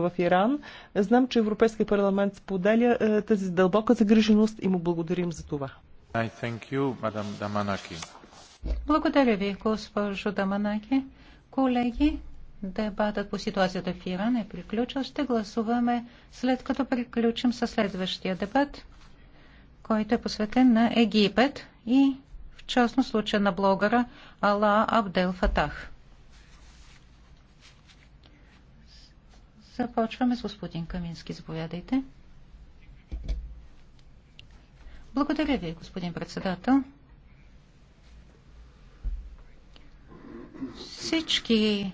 връзка в Иран. Знам, че Европейския парламент споделя е, тази дълбока загриженост и му благодарим за това. Благодаря ви, госпожо Даманаки. Колеги, дебатът по ситуацията в Иран е приключил. Ще гласуваме след като приключим със следващия дебат, който е посветен на Египет и в частност случая на блогъра Ала Абдел Фатах. Започваме с господин Камински. Заповядайте. Благодаря ви, господин председател. Всички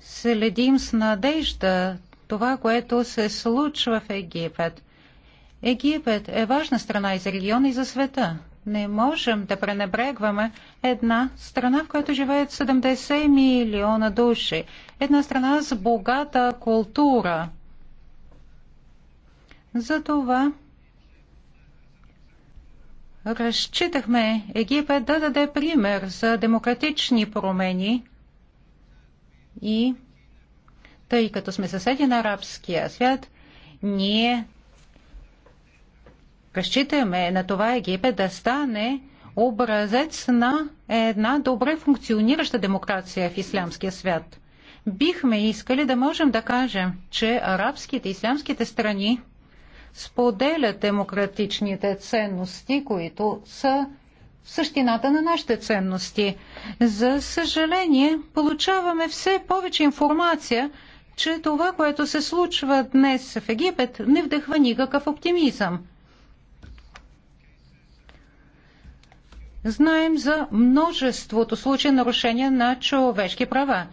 следим с надежда това, което се случва в Египет. Египет е важна страна и за региона, и за света не можем да пренебрегваме една страна, в която живеят 70 милиона души. Една страна с богата култура. Затова разчитахме Египет да даде пример за демократични промени и тъй като сме съседи на арабския свят, ние разчитаме на това Египет да стане образец на една добре функционираща демокрация в ислямския свят. Бихме искали да можем да кажем, че арабските и ислямските страни споделят демократичните ценности, които са в същината на нашите ценности. За съжаление, получаваме все повече информация, че това, което се случва днес в Египет, не вдъхва никакъв оптимизъм. Знаем за множеството случаи нарушения на човешки права.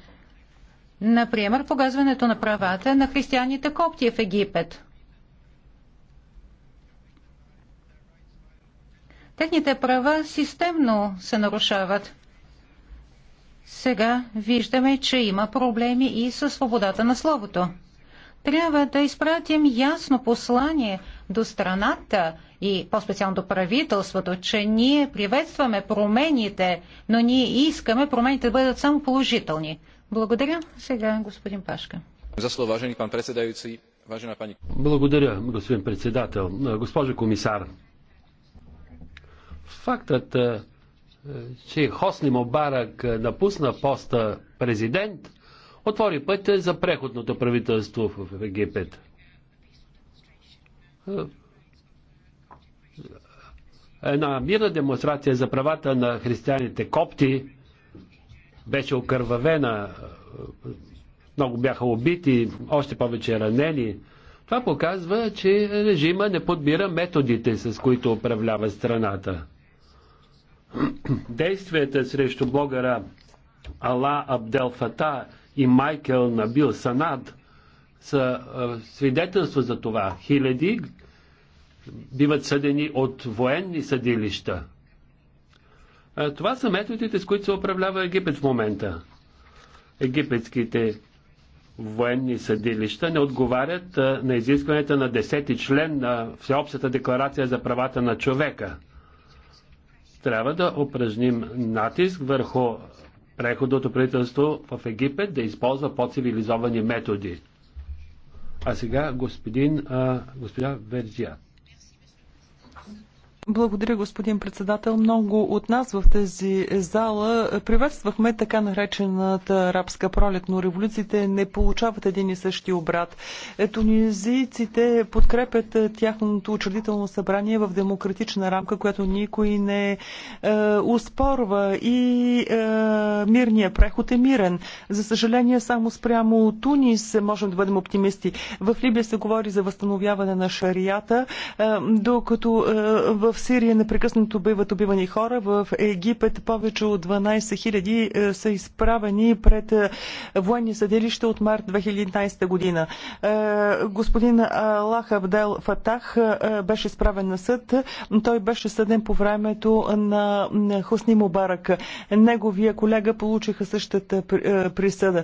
Например, погазването на правата на християните копти в Египет. Техните права системно се нарушават. Сега виждаме, че има проблеми и със свободата на словото. Трябва да изпратим ясно послание – до страната и по-специално до правителството, че ние приветстваме промените, но ние искаме промените да бъдат само положителни. Благодаря. Сега господин Пашка. За слово, важен пан председаючи, важена пани. Благодаря, господин председател. Госпожо комисар, фактът, е, че Хосни Мобарак напусна поста президент, отвори пътя за преходното правителство в Египет. Е, една мирна демонстрация за правата на християните копти беше окървавена, много бяха убити, още повече ранени. Това показва, че режима не подбира методите, с които управлява страната. Действията срещу блогъра Ала Абдел Фата и Майкъл Набил Санад са свидетелства за това. Хиляди биват съдени от военни съдилища. Това са методите, с които се управлява Египет в момента. Египетските военни съдилища не отговарят на изискването на 10-ти член на Всеобщата декларация за правата на човека. Трябва да упражним натиск върху преходното правителство в Египет да използва по-цивилизовани методи. А сега господин, а, господин Верджият. Благодаря, господин председател. Много от нас в тази зала приветствахме така наречената арабска пролет, но революциите не получават един и същи обрат. Е, тунизийците подкрепят е, тяхното учредително събрание в демократична рамка, която никой не е, успорва и е, мирния преход е мирен. За съжаление, само спрямо Тунис можем да бъдем оптимисти. В Либия се говори за възстановяване на шарията, е, докато е, в Сирия непрекъснато биват убивани хора, в Египет повече от 12 000 е, са изправени пред е, военни съдилища от март 2011 година. Е, господин Аллах Абдел Фатах беше изправен на съд. Той беше съден по времето на Хусни Мубарак. Неговия колега получиха същата присъда.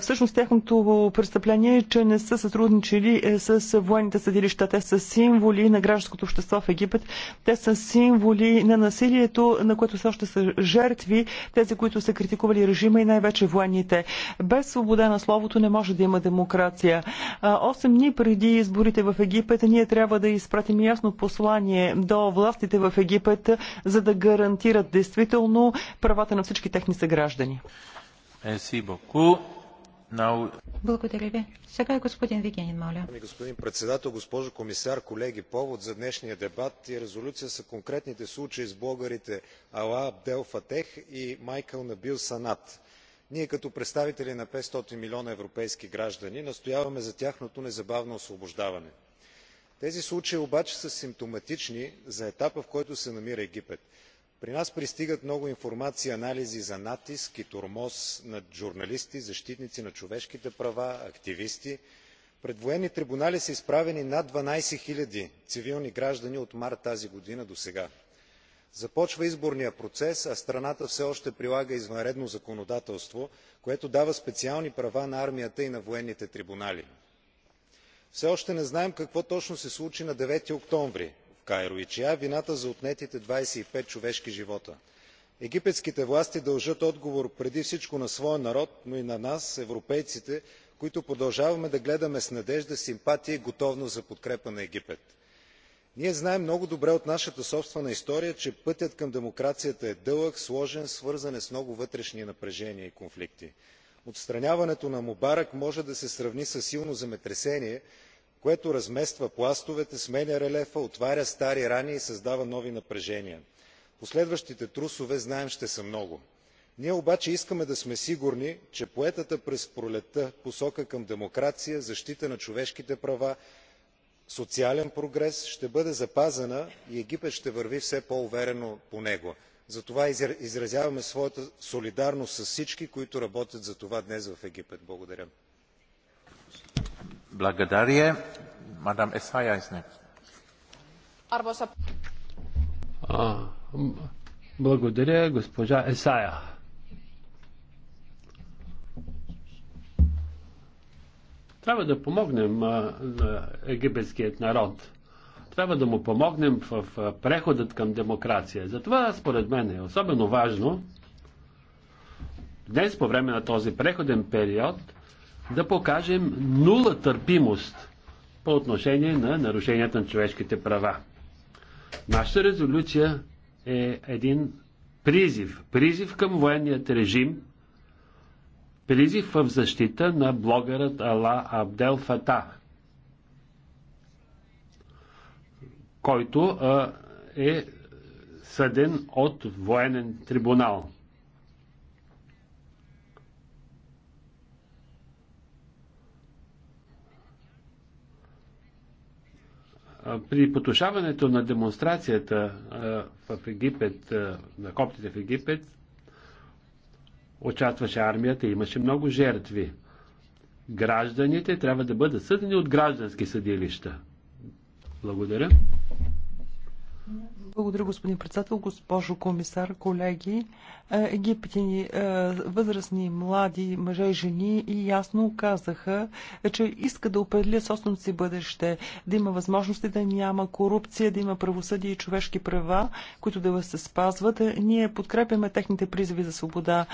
Всъщност тяхното престъпление е, че не са сътрудничили с военните съдилища. Те са символи на гражданското общество в Египет. Те са символи на насилието, на което все още са жертви, тези, които са критикували режима и най-вече военните. Без свобода на словото не може да има демокрация. Осем дни преди изборите в Египет ние трябва да изпратим ясно послание до властите в Египет, за да гарантират действително правата на всички техни съграждани. Merci благодаря ви. Сега е господин Вигенин, моля. Господин председател, госпожо комисар, колеги, повод за днешния дебат и резолюция са конкретните случаи с българите Ала Абдел Фатех и Майкъл Набил Санат. Ние като представители на 500 милиона европейски граждани настояваме за тяхното незабавно освобождаване. Тези случаи обаче са симптоматични за етапа, в който се намира Египет при нас пристигат много информации и анализи за натиск и тормоз над журналисти защитници на човешките права активисти. пред военни трибунали са изправени над дванадесет хиляди цивилни граждани от март тази година досега. започва изборният процес а страната все още прилага извънредно законодателство което дава специални права на армията и на военните трибунали. все още не знаем какво точно се случи на девети октомври е вината за отнетите двадесет и пет човешки живота. египетските власти дължат отговор преди всичко на своя народ но и на нас европейците които продължаваме да гледаме с надежда симпатия и готовност за подкрепа на египет. ние знаем много добре от нашата собствена история че пътят към демокрацията е дълъг сложен свързан е с много вътрешни напрежения и конфликти. отстраняването на мубарак може да се сравни със силно земетресение което размества пластовете сменя релефа отваря стари рани и създава нови напрежения. последващите трусове знаем ще са много. ние обаче искаме да сме сигурни че поетата през пролетта посока към демокрация защита на човешките права социален прогрес ще бъде запазена и египет ще върви все по уверено по него. затова изразяваме своята солидарност с всички които работят за това днес в египет. благодаря. Благодаря, госпожа Есая. Трябва да помогнем на египетският народ. Трябва да му помогнем в преходът към демокрация. Затова, според мен, е особено важно днес, по време на този преходен период, да покажем нула търпимост по отношение на нарушенията на човешките права. Нашата резолюция е един призив. Призив към военният режим, призив в защита на блогърът Ала Абдел Фата, който е съден от военен трибунал. При потушаването на демонстрацията в Египет, на коптите в Египет, участваше армията, имаше много жертви. Гражданите трябва да бъдат съдени от граждански съдилища. Благодаря. Благодаря, господин председател, госпожо комисар, колеги. Е, Египтяни, е, възрастни, млади, мъже и жени и ясно казаха, че иска да определя собственото си бъдеще, да има възможности да няма корупция, да има правосъдие и човешки права, които да се спазват. Е, ние подкрепяме техните призиви за свобода.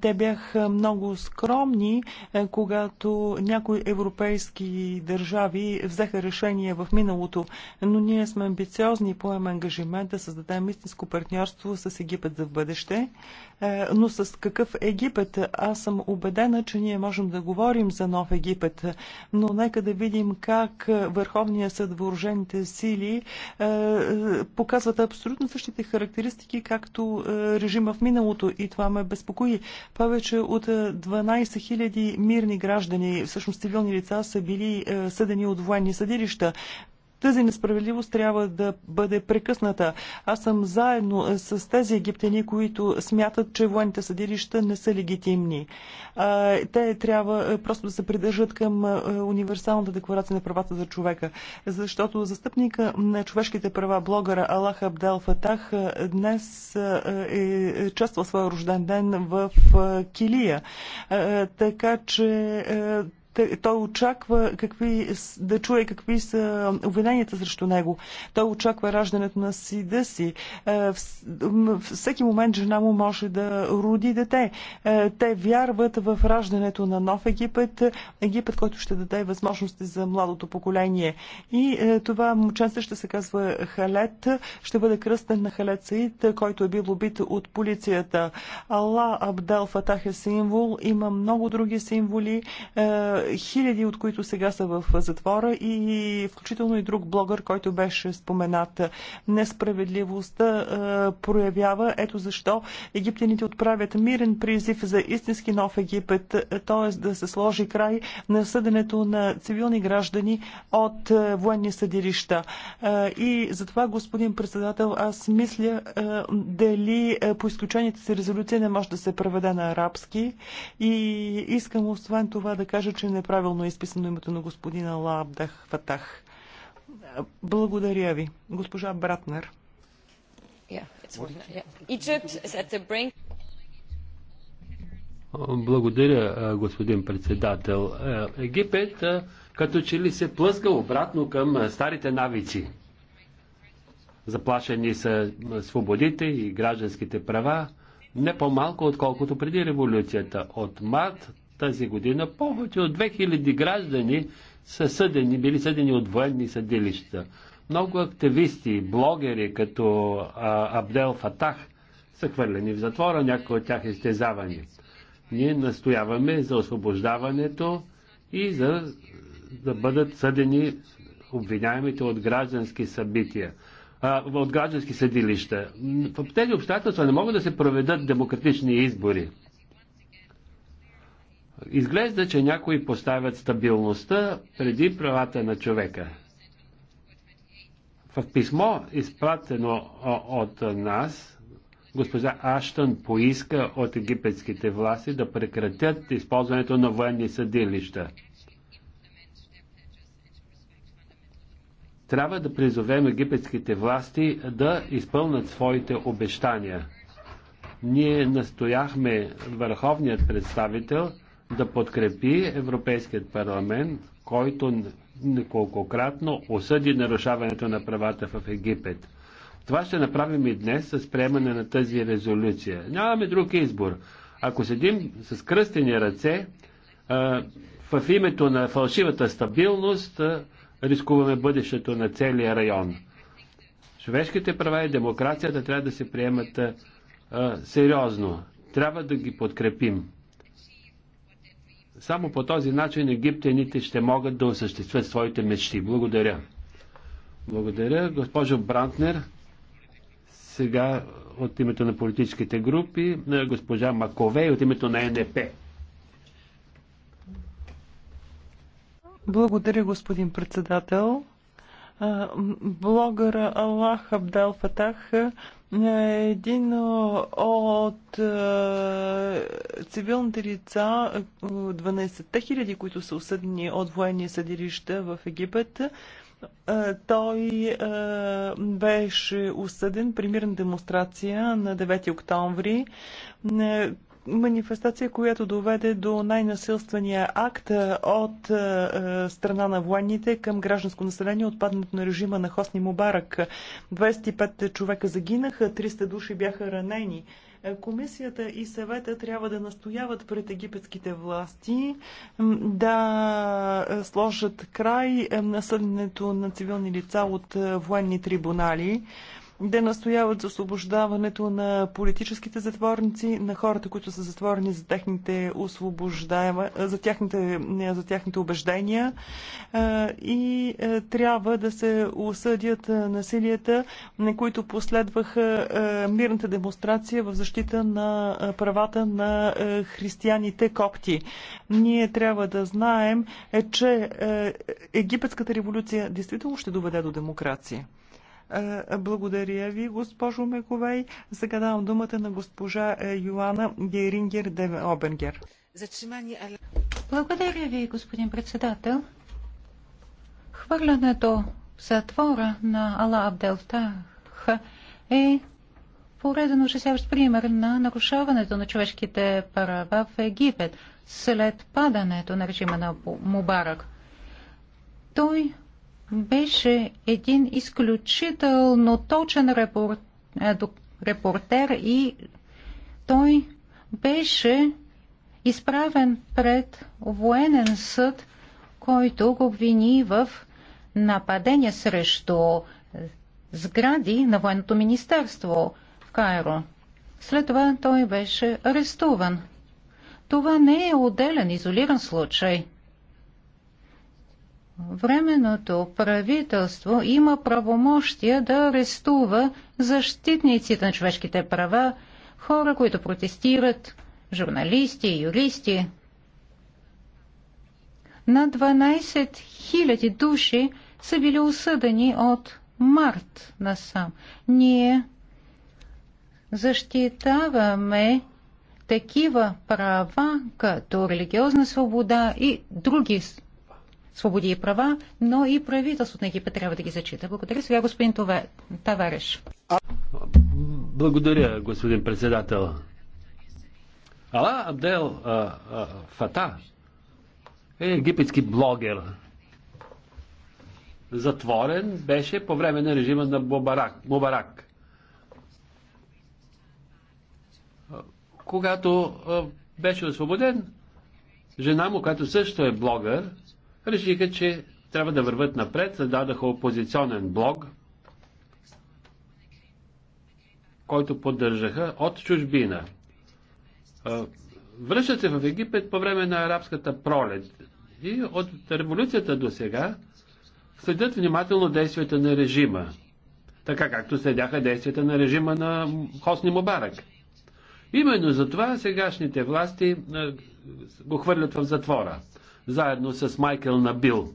Те бяха много скромни, когато някои европейски държави взеха решение в миналото, но ние сме амбициозни и поемем ангажимент да създадем истинско партньорство с Египет за бъдеще. Е, но с какъв Египет? Аз съм убедена, че ние можем да говорим за нов Египет, но нека да видим как Върховният съд въоръжените сили е, показват абсолютно същите характеристики, както е, режима в миналото и това ме безпокои. Повече от 12 000 мирни граждани, всъщност цивилни лица, са били съдени от военни съдилища. Тази несправедливост трябва да бъде прекъсната. Аз съм заедно е, с тези египтяни, които смятат, че военните съдилища не са легитимни. Те трябва е, просто да се придържат към е, универсалната декларация на правата за човека, защото застъпника на човешките права, блогъра Аллах Абдел Фатах, днес е чествал своя рожден ден в Килия. Така че той очаква какви, да чуе какви са обвиненията срещу него. Той очаква раждането на сида си. Е, всеки момент жена му може да роди дете. Е, те вярват в раждането на нов Египет, Египет, който ще даде възможности за младото поколение. И е, това момченце ще се казва Халет, ще бъде кръстен на Халет Саид, който е бил убит от полицията. Алла Абдел Фатах е символ, има много други символи хиляди от които сега са в затвора и включително и друг блогър, който беше споменат. Несправедливостта е, проявява. Ето защо египтяните отправят мирен призив за истински нов Египет, т.е. да се сложи край на съденето на цивилни граждани от е, военни съдилища. Е, и затова, господин председател, аз мисля дали по изключението си резолюция не може да се преведе на арабски и искам освен това да кажа, че неправилно е изписано името на господина Лабдах Фатах. Благодаря ви. Госпожа Братнер. благодаря, господин председател. Египет като че ли се плъзга обратно към старите навици. Заплашени са свободите и гражданските права не по-малко, отколкото преди революцията. От март тази година повече от 2000 граждани са съдени, били съдени от военни съдилища. Много активисти, блогери като а, Абдел Фатах са хвърлени в затвора, някои от тях изтезавани. Ние настояваме за освобождаването и за да бъдат съдени обвиняемите от граждански събития, а, от граждански съдилища. В тези обстоятелства не могат да се проведат демократични избори. Изглежда, че някои поставят стабилността преди правата на човека. В писмо, изпратено от нас, госпожа Аштън поиска от египетските власти да прекратят използването на военни съдилища. Трябва да призовем египетските власти да изпълнат своите обещания. Ние настояхме върховният представител да подкрепи Европейският парламент, който неколкократно осъди нарушаването на правата в Египет. Това ще направим и днес с приемане на тази резолюция. Нямаме друг избор. Ако седим с кръстени ръце, в името на фалшивата стабилност рискуваме бъдещето на целия район. Човешките права и демокрацията трябва да се приемат сериозно. Трябва да ги подкрепим. Само по този начин египтяните ще могат да осъществят своите мечти. Благодаря. Благодаря. Госпожо Брантнер, сега от името на политическите групи, на госпожа Макове и от името на НДП. Благодаря, господин председател блогъра Аллах Абдал Фатах е, един от е, цивилните лица, 12-те е, хиляди, които са осъдени от военни съдилища в Египет, той беше осъден при мирна демонстрация на 9 октомври, манифестация, която доведе до най-насилствения акт от страна на военните към гражданско население отпаднато на режима на Хосни Мубарак. 25 човека загинаха, 300 души бяха ранени. Комисията и съвета трябва да настояват пред египетските власти да сложат край на съденето на цивилни лица от военни трибунали да настояват за освобождаването на политическите затворници, на хората, които са затворени за техните, освобождаема, за техните, за техните убеждения и трябва да се осъдят насилията, на които последваха мирната демонстрация в защита на правата на християните копти. Ние трябва да знаем, е, че египетската революция действително ще доведе до демокрация. Е, благодаря ви, госпожо Мековей. Сега давам думата на госпожа е, Йоана Герингер де Обенгер. Благодаря ви, господин председател. Хвърлянето в затвора на Ала Абделтах е пореден ужасяващ пример на нарушаването на човешките права в Египет след падането на режима на Мубарак. Той беше един изключително точен репор... Е, репортер и той беше изправен пред военен съд, който го обвини в нападение срещу сгради на военното министерство в Кайро. След това той беше арестуван. Това не е отделен, изолиран случай. Временното правителство има правомощия да арестува защитниците на човешките права, хора, които протестират, журналисти, юристи. На 12 000 души са били осъдени от март насам. Ние защитаваме такива права, като религиозна свобода и други свободи и права, но и правителството на Египет трябва да ги зачита. Благодаря сега, господин Тавареш. Благодаря, господин председател. Ала Абдел а, а, Фата е египетски блогер. Затворен беше по време на режима на Мубарак. Мубарак. Когато а, беше освободен, жена му, която също е блогър, решиха, че трябва да върват напред, създадаха опозиционен блог, който поддържаха от чужбина. Връщат се в Египет по време на арабската пролет и от революцията до сега следят внимателно действията на режима, така както следяха действията на режима на Хосни Мубарак. Именно за това сегашните власти го хвърлят в затвора заедно с Майкъл Набил.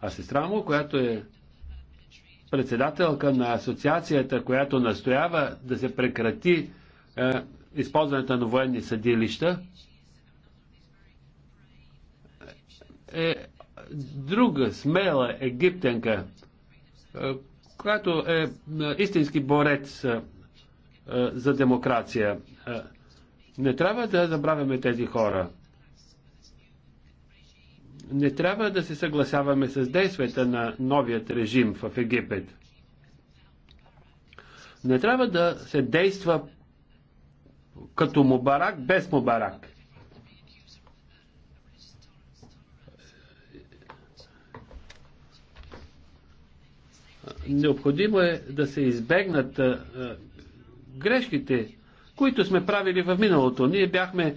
А сестра му, която е председателка на асоциацията, която настоява да се прекрати е, използването на военни съдилища, е друга смела египтенка, е, която е, е истински борец е, е за демокрация. Е, не трябва да забравяме тези хора. Не трябва да се съгласяваме с действията на новият режим в Египет. Не трябва да се действа като Мубарак без Мубарак. Необходимо е да се избегнат грешките, които сме правили в миналото. Ние бяхме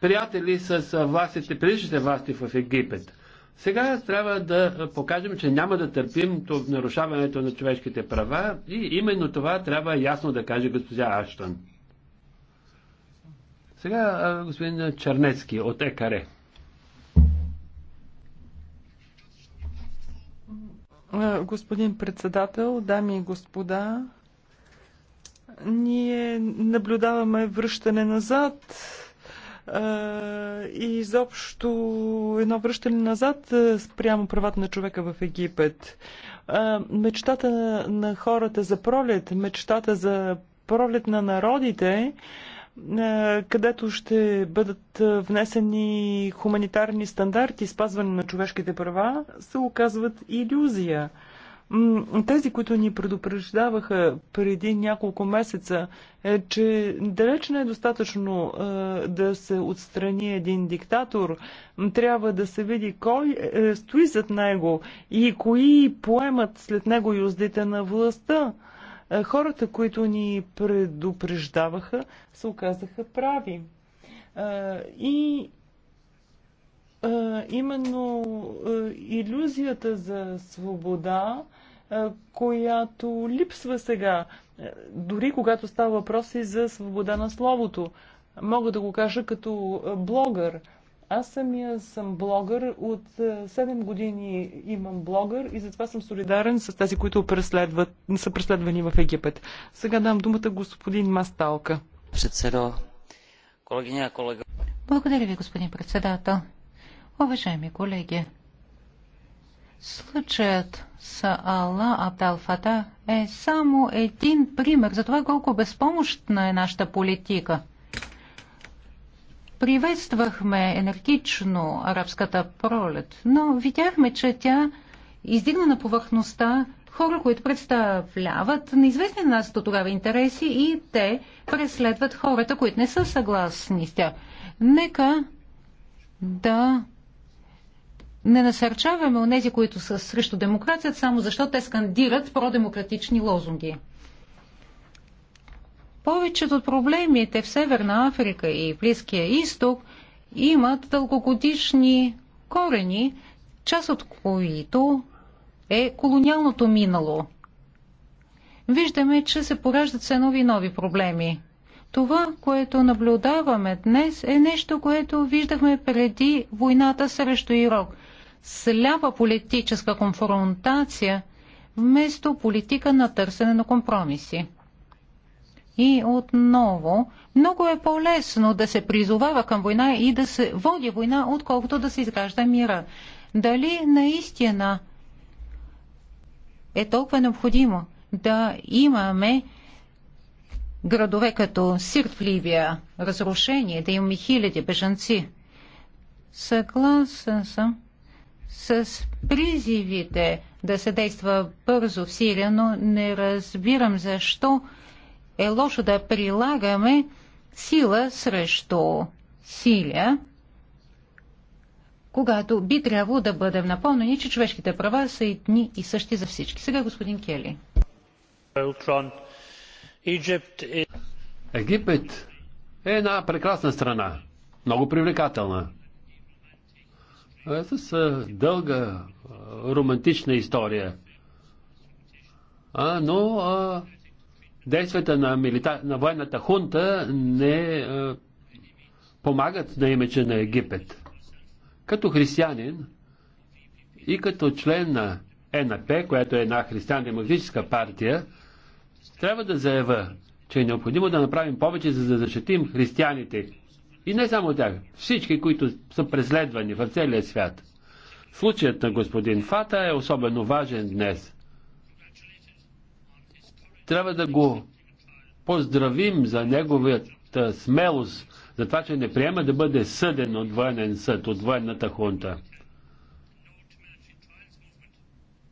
приятели с властите, предишните власти в Египет. Сега трябва да покажем, че няма да търпим нарушаването на човешките права и именно това трябва ясно да каже госпожа Аштън. Сега господин Чернецки от ЕКАРЕ. Господин председател, дами и господа, ние наблюдаваме връщане назад и изобщо едно връщане назад спрямо правата на човека в Египет. Мечтата на хората за пролет, мечтата за пролет на народите, където ще бъдат внесени хуманитарни стандарти, спазване на човешките права, се оказват иллюзия. Тези, които ни предупреждаваха преди няколко месеца, е, че далеч не е достатъчно е, да се отстрани един диктатор. Трябва да се види кой е, стои зад него и кои поемат след него юздите на властта. Е, хората, които ни предупреждаваха, се оказаха прави. Е, и е, именно е, иллюзията за свобода която липсва сега, дори когато става въпрос и за свобода на словото. Мога да го кажа като блогър. Аз самия съм блогър. От 7 години имам блогър и затова съм солидарен с тези, които преследват, са преследвани в Египет. Сега дам думата господин Масталка. Председател. колегиня, колега. Благодаря ви, господин председател. Уважаеми колеги, Случаят с Алла Абдалфата е само един пример за това колко безпомощна е нашата политика. Приветствахме енергично арабската пролет, но видяхме, че тя издигна на повърхността хора, които представляват неизвестни на нас до тогава интереси и те преследват хората, които не са съгласни с тях. Нека да не насърчаваме онези, които са срещу демокрацията, само защото те скандират продемократични лозунги. Повечето от проблемите в Северна Африка и Близкия изток имат дългогодишни корени, част от които е колониалното минало. Виждаме, че се пораждат все нови и нови проблеми. Това, което наблюдаваме днес, е нещо, което виждахме преди войната срещу Ирок сляпа политическа конфронтация вместо политика на търсене на компромиси. И отново, много е по-лесно да се призовава към война и да се води война, отколкото да се изгражда мира. Дали наистина е толкова необходимо да имаме градове като Сирт в Ливия, разрушение, да имаме хиляди бежанци? Съгласен съм с призивите да се действа бързо в Сирия, но не разбирам защо е лошо да прилагаме сила срещу Сирия, когато би трябвало да бъдем напомнени, че човешките права са дни и същи за всички. Сега господин Кели. Е- Египет е една прекрасна страна, много привлекателна с дълга романтична история. А, но а, действията на, милита... на военната хунта не а, помагат на имече на Египет. Като християнин и като член на ЕНП, която е една християн-демократическа партия, трябва да заява, че е необходимо да направим повече, за да защитим християните и не само тях, всички, които са преследвани в целия свят. Случаят на господин Фата е особено важен днес. Трябва да го поздравим за неговата смелост, за това, че не приема да бъде съден от военен съд, от военната хунта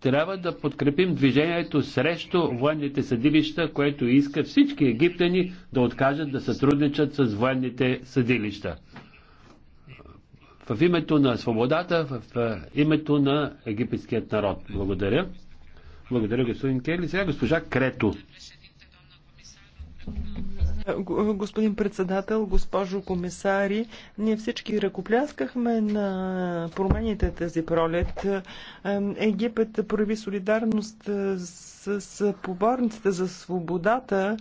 трябва да подкрепим движението срещу военните съдилища, което иска всички египтяни да откажат да сътрудничат с военните съдилища. В името на свободата, в името на египетският народ. Благодаря. Благодаря, господин Кели. Сега госпожа Крето. Господин председател, госпожо комисари, ние всички ръкопляскахме на промените тази пролет. Египет прояви солидарност с с поборниците за свободата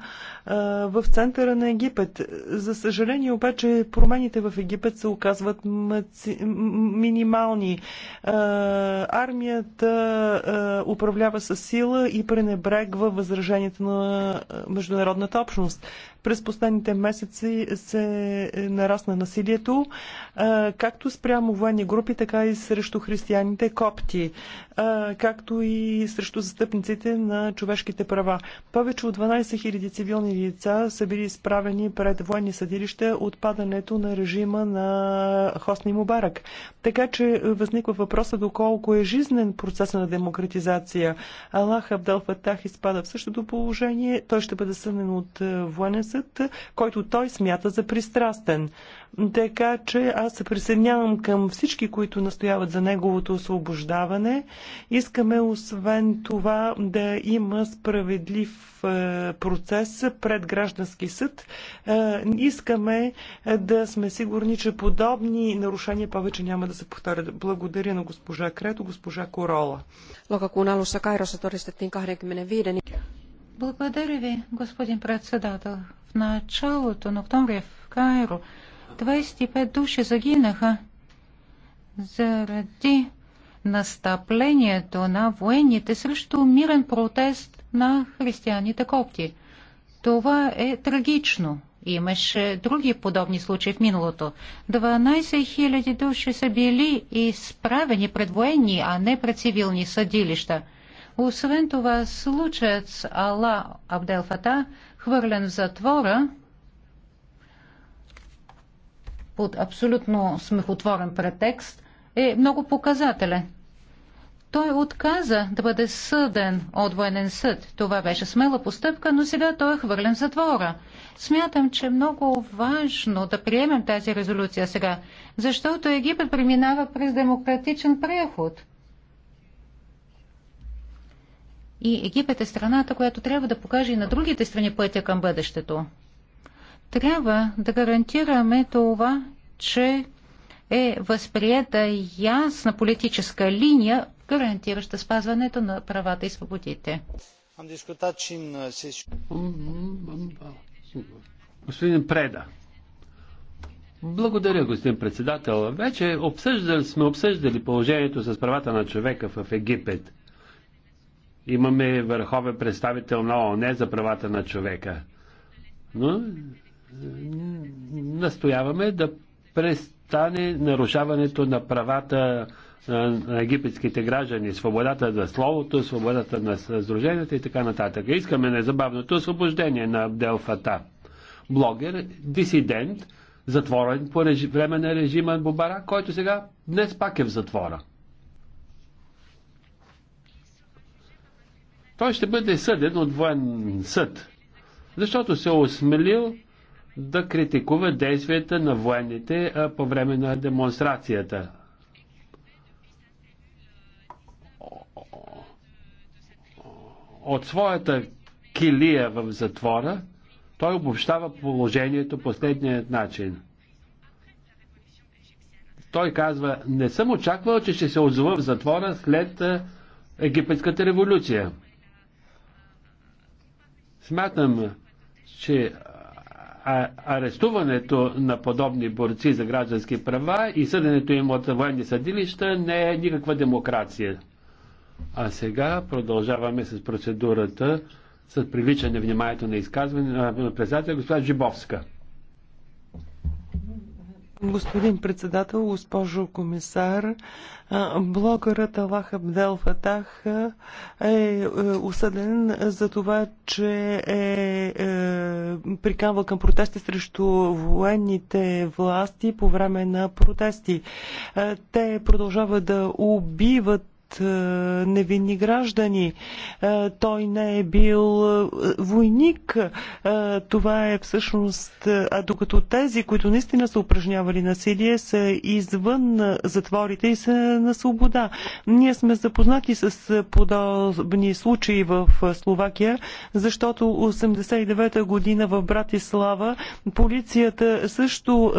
в центъра на Египет. За съжаление обаче промените в Египет се оказват минимални. Армията управлява със сила и пренебрегва възраженията на международната общност. През последните месеци се нарасна насилието, както спрямо военни групи, така и срещу християните копти, както и срещу застъпниците на на човешките права. Повече от 12 000 цивилни лица са били изправени пред военни съдилища от падането на режима на Хосни Мубарак. Така че възниква въпроса доколко е жизнен процес на демократизация. Аллах Абдал Фатах изпада в същото положение. Той ще бъде съден от е, военен съд, който той смята за пристрастен. Така че аз се присъединявам към всички, които настояват за неговото освобождаване. Искаме освен това да има справедлив е, процес пред граждански съд. Е, искаме е, да сме сигурни, че подобни нарушения повече няма да се повторят. Благодаря на госпожа Крето, госпожа Корола. Кайроса Благодаря ви, господин председател. В началото на октомври в Кайро 25 души загинаха заради настъплението на военните срещу мирен протест на християните копти. Това е трагично. Имаше други подобни случаи в миналото. 12 000 души са били изправени пред военни, а не пред цивилни съдилища. Освен това, случаят с Алла Абделфата, хвърлен в затвора, под абсолютно смехотворен претекст, е много показателен. Той отказа да бъде съден от военен съд. Това беше смела постъпка, но сега той е хвърлен в затвора. Смятам, че е много важно да приемем тази резолюция сега, защото Египет преминава през демократичен преход. И Египет е страната, която трябва да покаже и на другите страни пътя към бъдещето. Трябва да гарантираме това, че е възприета ясна политическа линия гарантираща спазването на правата и свободите. Господин Преда. Благодаря, господин председател. Вече обсъждали, сме обсъждали положението с правата на човека в Египет. Имаме върховен представител на ООН за правата на човека. Но настояваме да престане нарушаването на правата на египетските граждани, свободата за словото, свободата на сдруженията и така нататък. Искаме незабавното освобождение на Делфата. Блогер, дисидент, затворен по време на режима Бубара, който сега днес пак е в затвора. Той ще бъде съден от военен съд, защото се е осмелил да критикува действията на военните по време на демонстрацията от своята килия в затвора, той обобщава положението последният начин. Той казва, не съм очаквал, че ще се отзова в затвора след египетската революция. Смятам, че арестуването на подобни борци за граждански права и съденето им от военни съдилища не е никаква демокрация. А сега продължаваме с процедурата с привличане вниманието на изказване на председателя госпожа Джибовска. Господин председател, госпожо комисар, блогърът Аллах Абдел Фатах е, е осъден за това, че е, е приканвал към протести срещу военните власти по време на протести. Те продължават да убиват е, невинни граждани. Е, той не е бил е, войник. Това е всъщност... А докато тези, които наистина са упражнявали насилие, са извън затворите и са на свобода. Ние сме запознати с подобни случаи в Словакия, защото 89-та година в Братислава полицията също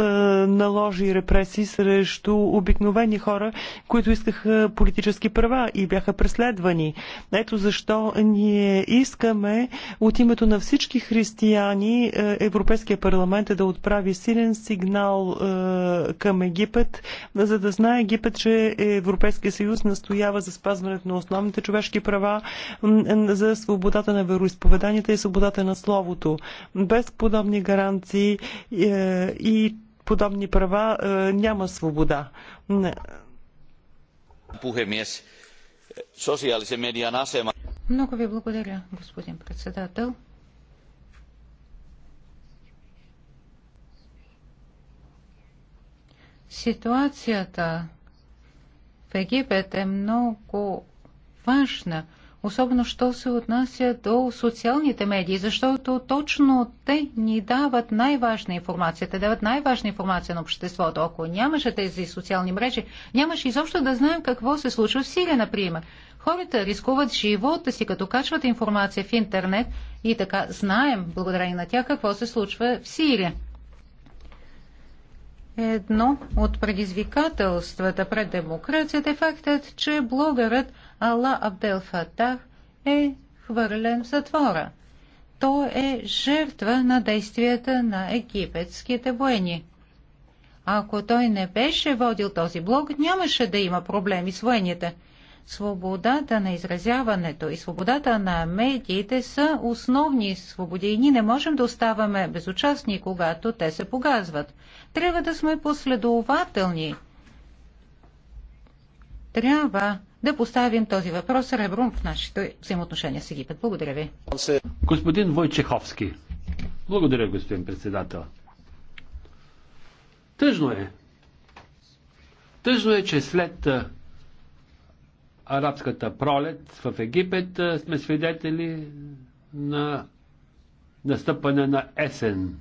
наложи репресии срещу обикновени хора, които искаха политически права и бяха преследвани. Ето защо ние искаме от името на всички християни е, Европейския парламент е да отправи силен сигнал е, към Египет, за да знае Египет, че Европейския съюз настоява за спазването на основните човешки права, за свободата на вероисповеданията и свободата на словото. Без подобни гаранции е, и подобни права няма свобода puhemies sosiaalisen median asema. Много ви благодаря, господин председател. Ситуацията в Египет е много важна, особено що се отнася до социалните медии, защото точно те ни дават най-важна информация, те дават най-важна информация на обществото. Ако нямаше тези социални мрежи, нямаше изобщо да знаем какво се случва в Сирия, например. Хората рискуват живота си, като качват информация в интернет и така знаем, благодарение на тях, какво се случва в Сирия. Едно от предизвикателствата пред демокрацията е фактът, че блогърът Ала Абдел Фатах е хвърлен в затвора. Той е жертва на действията на египетските воени. Ако той не беше водил този блог, нямаше да има проблеми с военните свободата на изразяването и свободата на медиите са основни свободи и ние не можем да оставаме безучастни, когато те се погазват. Трябва да сме последователни. Трябва да поставим този въпрос ребром в нашите взаимоотношения с Египет. Благодаря ви. Господин Войчеховски. Благодаря, господин председател. Тъжно е. Тъжно е, че след арабската пролет в Египет сме свидетели на настъпване на есен.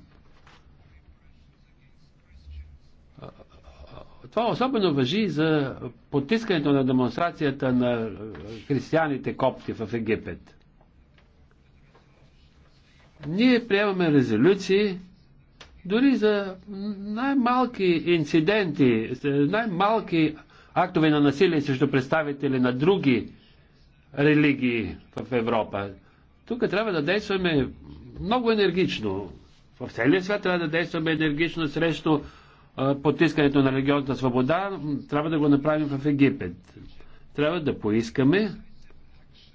Това особено въжи за потискането на демонстрацията на християните копти в Египет. Ние приемаме резолюции дори за най-малки инциденти, най-малки актове на насилие срещу представители на други религии в Европа. Тук трябва да действаме много енергично. В целия свят трябва да действаме енергично срещу потискането на религиозната свобода. Трябва да го направим в Египет. Трябва да поискаме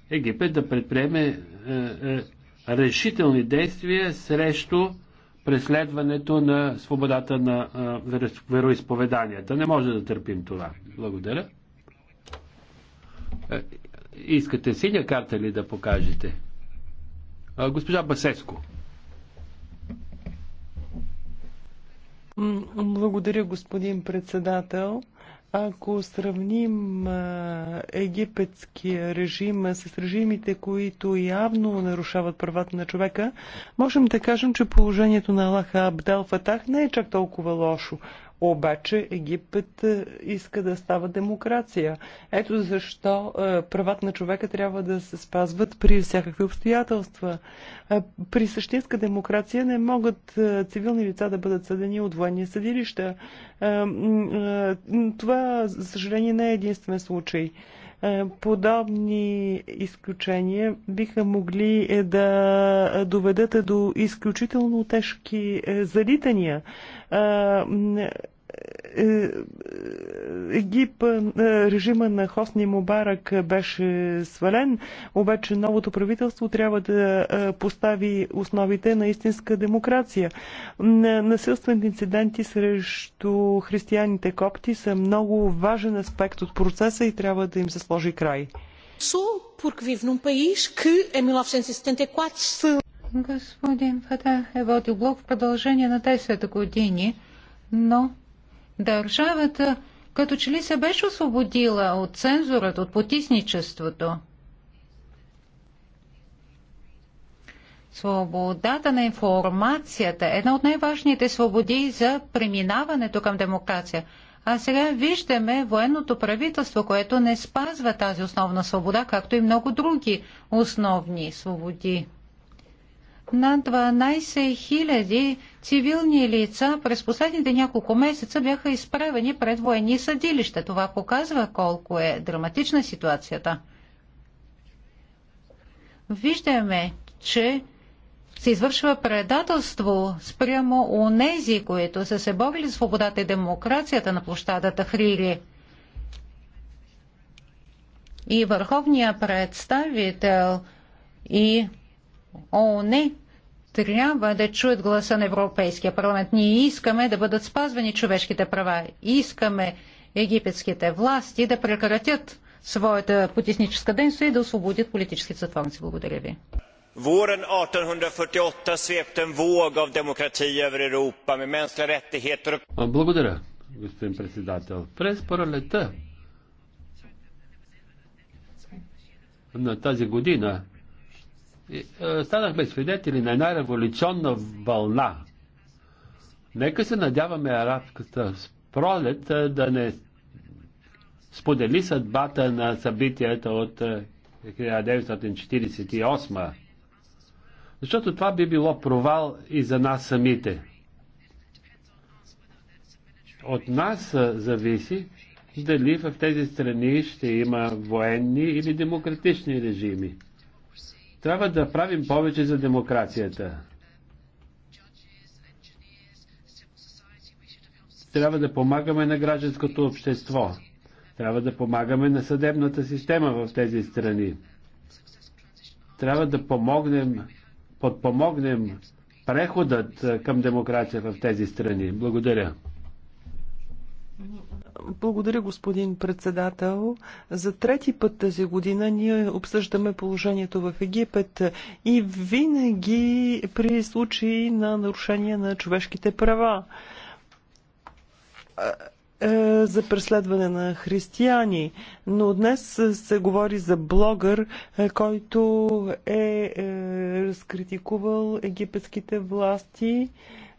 Египет да предприеме е, е, решителни действия срещу преследването на свободата на вероисповеданията. Не може да търпим това. Благодаря. Е, искате синя карта ли да покажете? Госпожа Басеско. Благодаря, господин председател. Ако сравним египетския режим с режимите, които явно нарушават правата на човека, можем да кажем, че положението на Аллаха Абдал Фатах не е чак толкова лошо. Обаче Египет е, иска да става демокрация. Ето защо е, правата на човека трябва да се спазват при всякакви обстоятелства. Е, при същинска демокрация не могат цивилни лица да бъдат съдени от военни съдилища. Това, за съжаление, не е единствен случай. Е, подобни изключения биха могли е, да доведат до изключително тежки е, залитания. Е, Егип, е, режима на Хосни Мубарак беше свален, обаче новото правителство трябва да е, постави основите на истинска демокрация. Насилствени инциденти срещу християните копти са много важен аспект от процеса и трябва да им се сложи край. Господин Фатах е водил блок в продължение на 10 години, но държавата като че ли се беше освободила от цензурата, от потисничеството. Свободата на информацията е една от най-важните свободи за преминаването към демокрация. А сега виждаме военното правителство, което не спазва тази основна свобода, както и много други основни свободи над 12 000 цивилни лица през последните няколко месеца бяха изправени пред военни съдилища. Това показва колко е драматична ситуацията. Виждаме, че се извършва предателство спрямо онези, които са се борили за свободата и демокрацията на площадата Хрири. И върховният представител и О, не! трябва да чуят гласа на Европейския парламент. Ние искаме да бъдат спазвани човешките права. Искаме египетските власти да прекратят своята потисническа дейност и да освободят политическите затворници. Благодаря ви. Våren 1848 svepte en våg av demokrati över Europa med mänskliga rättigheter. Благодаря, господин председател. През паралета на тази година е, станахме свидетели на една революционна вълна. Нека се надяваме арабската пролет е, да не сподели съдбата на събитията от 1948. Е, Защото това би било провал и за нас самите. От нас зависи дали в тези страни ще има военни или демократични режими. Трябва да правим повече за демокрацията. Трябва да помагаме на гражданското общество. Трябва да помагаме на съдебната система в тези страни. Трябва да помогнем, подпомогнем преходът към демокрация в тези страни. Благодаря. Благодаря, господин председател. За трети път тази година ние обсъждаме положението в Египет и винаги при случаи на нарушение на човешките права е, за преследване на християни, но днес се говори за блогър, е, който е, е разкритикувал египетските власти.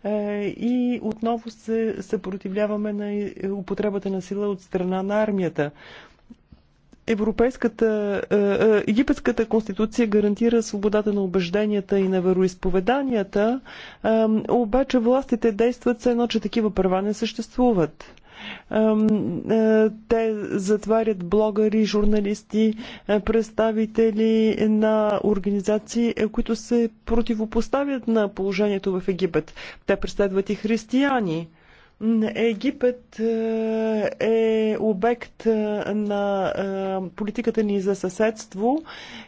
Е, и отново се съпротивляваме на е, употребата на сила от страна на армията. Европейската, е, египетската конституция гарантира свободата на убежденията и на вероисповеданията, обаче властите действат все едно, че такива права не съществуват. Е, те затварят блогъри, журналисти, е, представители на организации, е, които се противопоставят на положението в Египет. Те преследват и християни. Египет е, е обект е, на е, политиката ни за съседство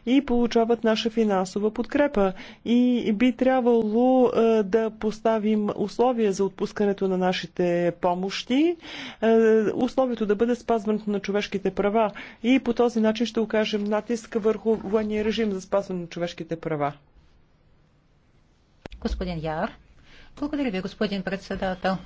и получават наша финансова подкрепа. И би трябвало да поставим условия за отпускането на нашите помощи, условието да бъде спазването на човешките права и по този начин ще окажем натиск върху военния режим за спазване на човешките права. Господин Яр. Благодаря ви, господин председател.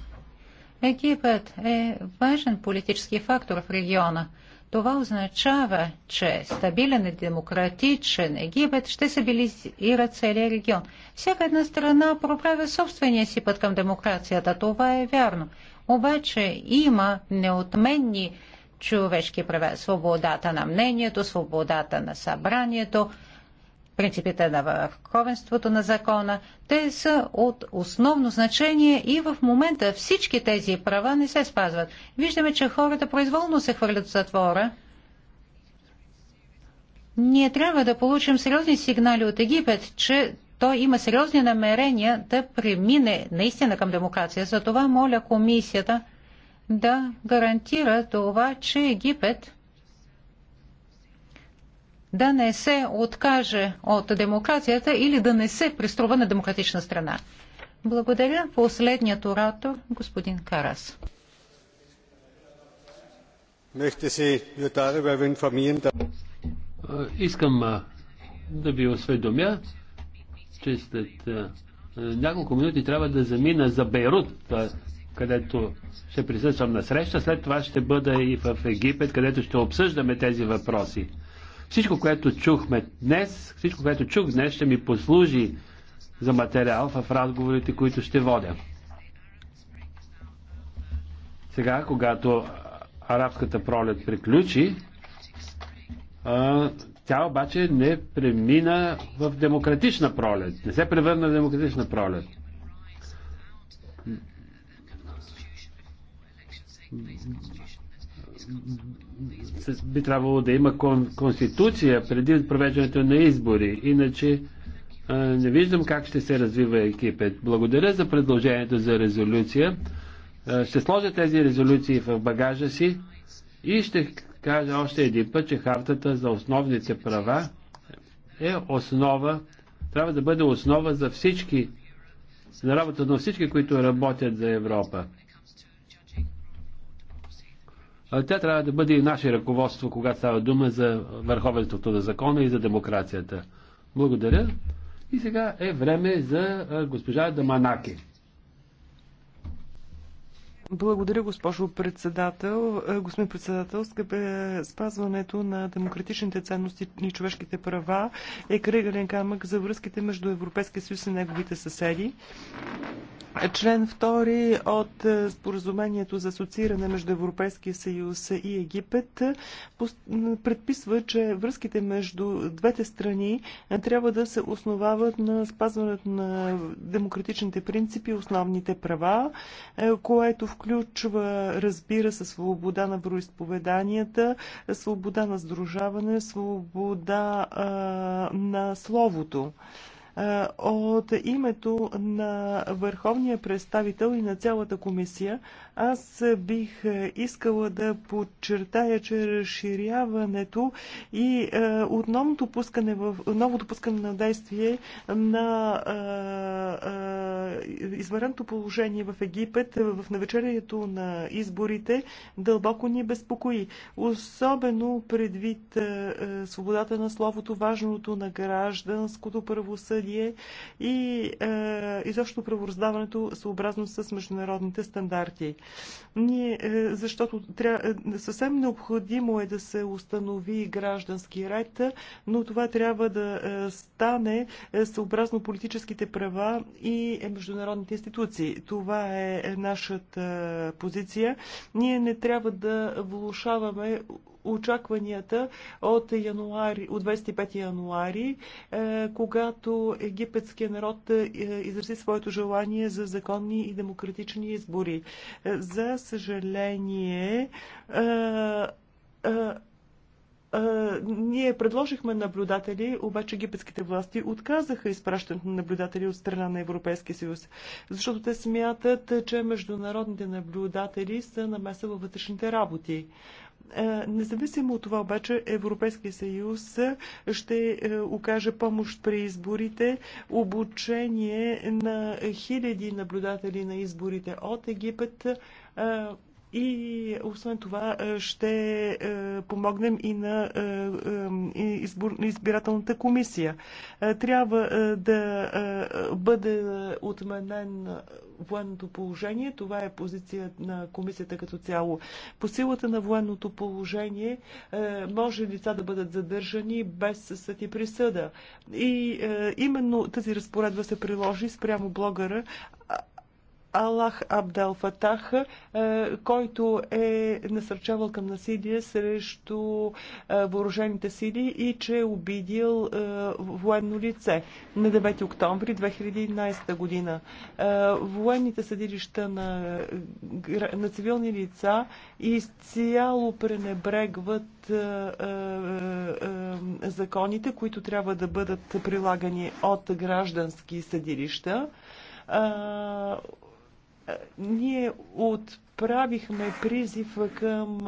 Египет е важен политически фактор в региона. Това означава, че стабилен и демократичен Египет ще стабилизира целия регион. Всяка една страна проправя собствения си път към демокрацията. Това е вярно. Обаче има неотменни човешки права. Свободата на мнението, свободата на събранието, принципите на върховенството на закона. Те са от основно значение и в момента всички тези права не се спазват. Виждаме, че хората произволно се хвърлят в затвора. Ние трябва да получим сериозни сигнали от Египет, че той има сериозни намерения да премине наистина към демокрация. Затова моля комисията да гарантира това, че Египет да не се откаже от демокрацията или да не се приструва на демократична страна. Благодаря. Последният оратор, господин Карас. Э, искам э, да ви осведомя, че след э, няколко минути трябва да замина за Бейрут, където ще присъствам на среща. След това ще бъда и в Египет, където ще обсъждаме тези въпроси. Всичко, което чухме днес, всичко, което чух днес, ще ми послужи за материал в разговорите, които ще водя. Сега, когато арабската пролет приключи, тя обаче не премина в демократична пролет, не се превърна в демократична пролет би трябвало да има кон, конституция преди провеждането на избори. Иначе а, не виждам как ще се развива екипът. Благодаря за предложението за резолюция. А, ще сложа тези резолюции в багажа си и ще кажа още един път, че хартата за основните права е основа, трябва да бъде основа за всички, за работа на всички, които работят за Европа. Тя трябва да бъде и наше ръководство, когато става дума за върховенството на закона и за демокрацията. Благодаря. И сега е време за госпожа Даманаки. Благодаря, госпожо председател. Господин председател, скъпе, спазването на демократичните ценности и човешките права е кръгален камък за връзките между Европейския съюз и неговите съседи. Член 2 от е, споразумението за асоцииране между Европейския съюз и Египет е, предписва, че връзките между двете страни е, трябва да се основават на спазването на демократичните принципи основните права, което включва, разбира се, свобода на вероисповеданията, свобода на сдружаване, свобода а, на словото от името на върховния представител и на цялата комисия аз бих е, искала да подчертая, че разширяването и е, отново пускане в, новото пускане на действие на е, извънредното положение в Египет в навечерието на изборите дълбоко ни безпокои. Особено предвид свободата на словото, важното на гражданското правосъдие и изобщо правораздаването съобразно с международните стандарти. Ние, е, защото тря... Е, съвсем необходимо е да се установи граждански ред, но това трябва да е, стане съобразно политическите права и международните институции. Това е нашата позиция. Ние не трябва да влушаваме очакванията от, януари, от 25 януари, е, когато египетския народ е, изрази своето желание за законни и демократични избори. Е, за съжаление, ние предложихме наблюдатели, обаче египетските власти отказаха изпращането на наблюдатели от страна на Европейския съюз, защото те смятат, че международните наблюдатели са намеса във вътрешните работи. Е, независимо от това обаче Европейския съюз ще е, окаже помощ при изборите, обучение на хиляди наблюдатели на изборите от Египет, е, и освен това е, ще е, помогнем и на е, избирателната комисия. Трябва да бъде отменен военното положение. Това е позиция на комисията като цяло. По силата на военното положение може лица да бъдат задържани без съд и присъда. И именно тази разпоредба се приложи спрямо блогъра Аллах Абдел Фатах, е, който е насърчавал към насилие срещу е, вооружените сили и че е обидил е, военно лице на 9 октомври 2011 година. Военните съдилища на, на цивилни лица изцяло пренебрегват законите, които трябва да бъдат прилагани от граждански съдилища ние от правихме призив към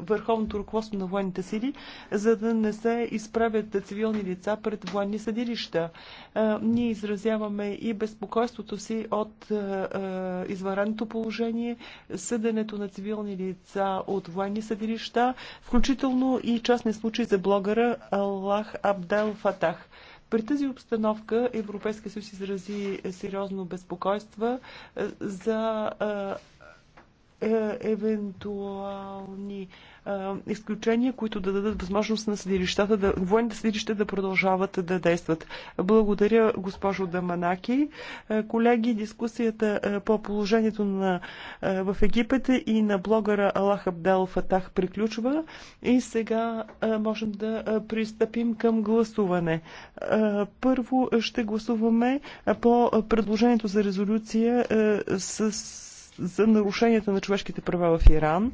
върховното руководство на военните сили, за да не се изправят цивилни лица пред военни съдилища. Ние изразяваме и безпокойството си от извънредното положение, съденето на цивилни лица от военни съдилища, включително и частни случаи за блогъра Аллах Абдел Фатах. При тази обстановка Европейския съюз изрази сериозно безпокойство е, за е, е, евентуални изключения, които да дадат възможност на съдилищата, да, военните съдилища да продължават да действат. Благодаря, госпожо Даманаки. Колеги, дискусията по положението на, в Египет и на блогъра Аллах Абдел Фатах приключва и сега можем да пристъпим към гласуване. Първо ще гласуваме по предложението за резолюция с за нарушенията на човешките права в Иран.